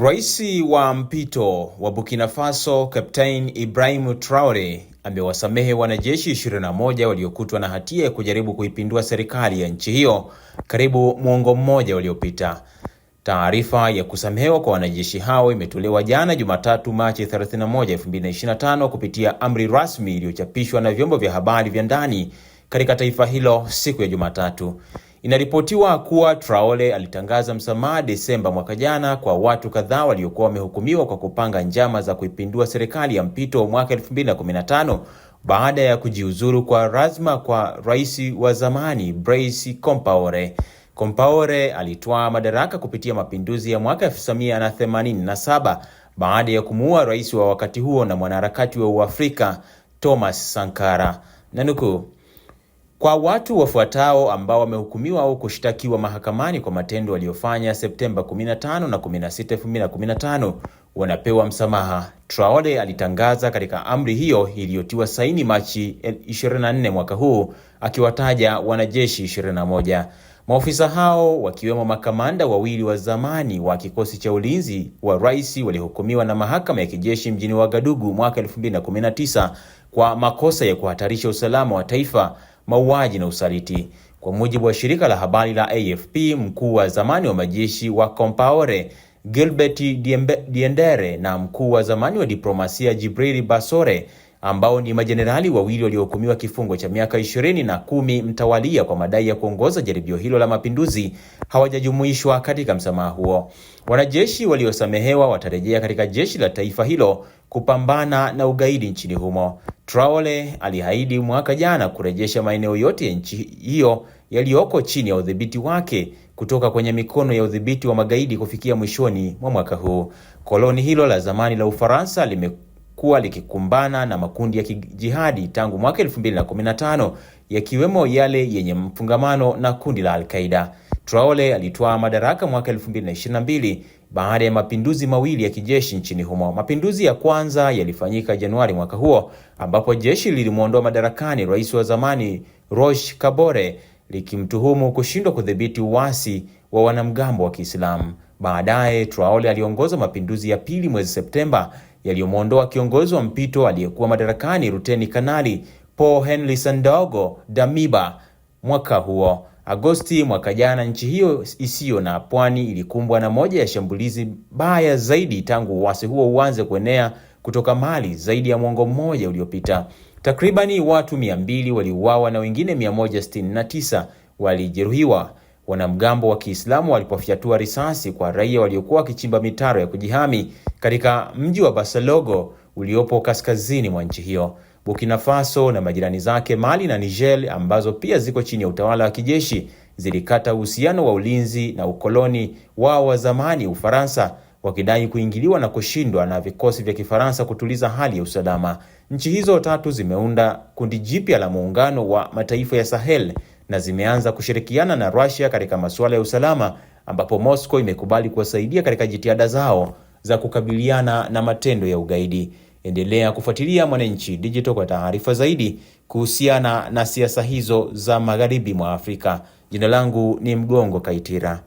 Rais wa mpito wa Burkina Faso, captain Ibrahim Traore amewasamehe wanajeshi 21 waliokutwa na hatia ya kujaribu kuipindua serikali ya nchi hiyo karibu mwongo mmoja uliopita. Taarifa ya kusamehewa kwa wanajeshi hao imetolewa jana Jumatatu, Machi 31, 2025 kupitia amri rasmi iliyochapishwa na vyombo vya habari vya ndani katika taifa hilo siku ya Jumatatu. Inaripotiwa kuwa Traore alitangaza msamaha Desemba mwaka jana kwa watu kadhaa waliokuwa wamehukumiwa kwa kupanga njama za kuipindua serikali ya mpito mwaka 2015 baada ya kujiuzuru kwa razma kwa rais wa zamani Blaise Compaore. Compaore alitwaa madaraka kupitia mapinduzi ya mwaka 1987 baada ya kumuua rais wa wakati huo na mwanaharakati wa Uafrika Thomas Sankara. Nanukuu, kwa watu wafuatao ambao wamehukumiwa au kushtakiwa mahakamani kwa matendo waliofanya Septemba 15 na 16, 2015 wanapewa msamaha, Traore alitangaza katika amri hiyo iliyotiwa saini Machi 24 mwaka huu, akiwataja wanajeshi 21. Maofisa hao wakiwemo makamanda wawili wa zamani wa kikosi cha ulinzi wa rais walihukumiwa na mahakama ya kijeshi mjini Wagadugu mwaka 2019 kwa makosa ya kuhatarisha usalama wa taifa mauaji na usaliti. Kwa mujibu wa shirika la habari la AFP, mkuu wa zamani wa majeshi wa Compaore Gilbert Diendere na mkuu wa zamani wa diplomasia Jibril Basore ambao ni majenerali wawili waliohukumiwa kifungo cha miaka ishirini na kumi mtawalia kwa madai ya kuongoza jaribio hilo la mapinduzi hawajajumuishwa katika msamaha huo. Wanajeshi waliosamehewa watarejea katika jeshi la taifa hilo kupambana na ugaidi nchini humo. Traore aliahidi mwaka jana kurejesha maeneo yote ya nchi hiyo yaliyoko chini ya udhibiti wake kutoka kwenye mikono ya udhibiti wa magaidi kufikia mwishoni mwa mwaka huu. Koloni hilo la zamani la Ufaransa lime kuwa likikumbana na makundi ya kijihadi tangu mwaka 2015 yakiwemo yale yenye mfungamano na kundi la Al-Qaida. Traore madaraka mwaka 2022 baada ya mapinduzi mawili ya kijeshi nchini humo. Mapinduzi ya kwanza yalifanyika Januari mwaka huo, ambapo jeshi lilimwondoa madarakani rais wa zamani Roch Kabore likimtuhumu kushindwa kudhibiti uasi wa wanamgambo wa Kiislamu. Baadaye Traore aliongoza mapinduzi ya pili mwezi Septemba yaliyomwondoa kiongozi wa mpito aliyekuwa madarakani Luteni Kanali Paul Henri Sandaogo Damiba mwaka huo. Agosti mwaka jana, nchi hiyo isiyo na pwani ilikumbwa na moja ya shambulizi baya zaidi tangu uasi huo uanze kuenea kutoka Mali zaidi ya mwongo mmoja uliopita. Takribani watu 200 waliuawa na wengine 169 walijeruhiwa wanamgambo wa Kiislamu walipofyatua risasi kwa raia waliokuwa wakichimba mitaro ya kujihami katika mji wa Basalogo uliopo kaskazini mwa nchi hiyo. Burkina Faso na majirani zake Mali na Niger ambazo pia ziko chini ya utawala wa kijeshi zilikata uhusiano wa ulinzi na ukoloni wao wa zamani Ufaransa, wakidai kuingiliwa na kushindwa na vikosi vya Kifaransa kutuliza hali ya usalama. Nchi hizo tatu zimeunda kundi jipya la Muungano wa Mataifa ya Sahel na zimeanza kushirikiana na Russia katika masuala ya usalama, ambapo Moscow imekubali kuwasaidia katika jitihada zao za kukabiliana na matendo ya ugaidi. Endelea kufuatilia Mwananchi Digital kwa taarifa zaidi kuhusiana na siasa hizo za magharibi mwa Afrika. Jina langu ni Mgongo Kaitira.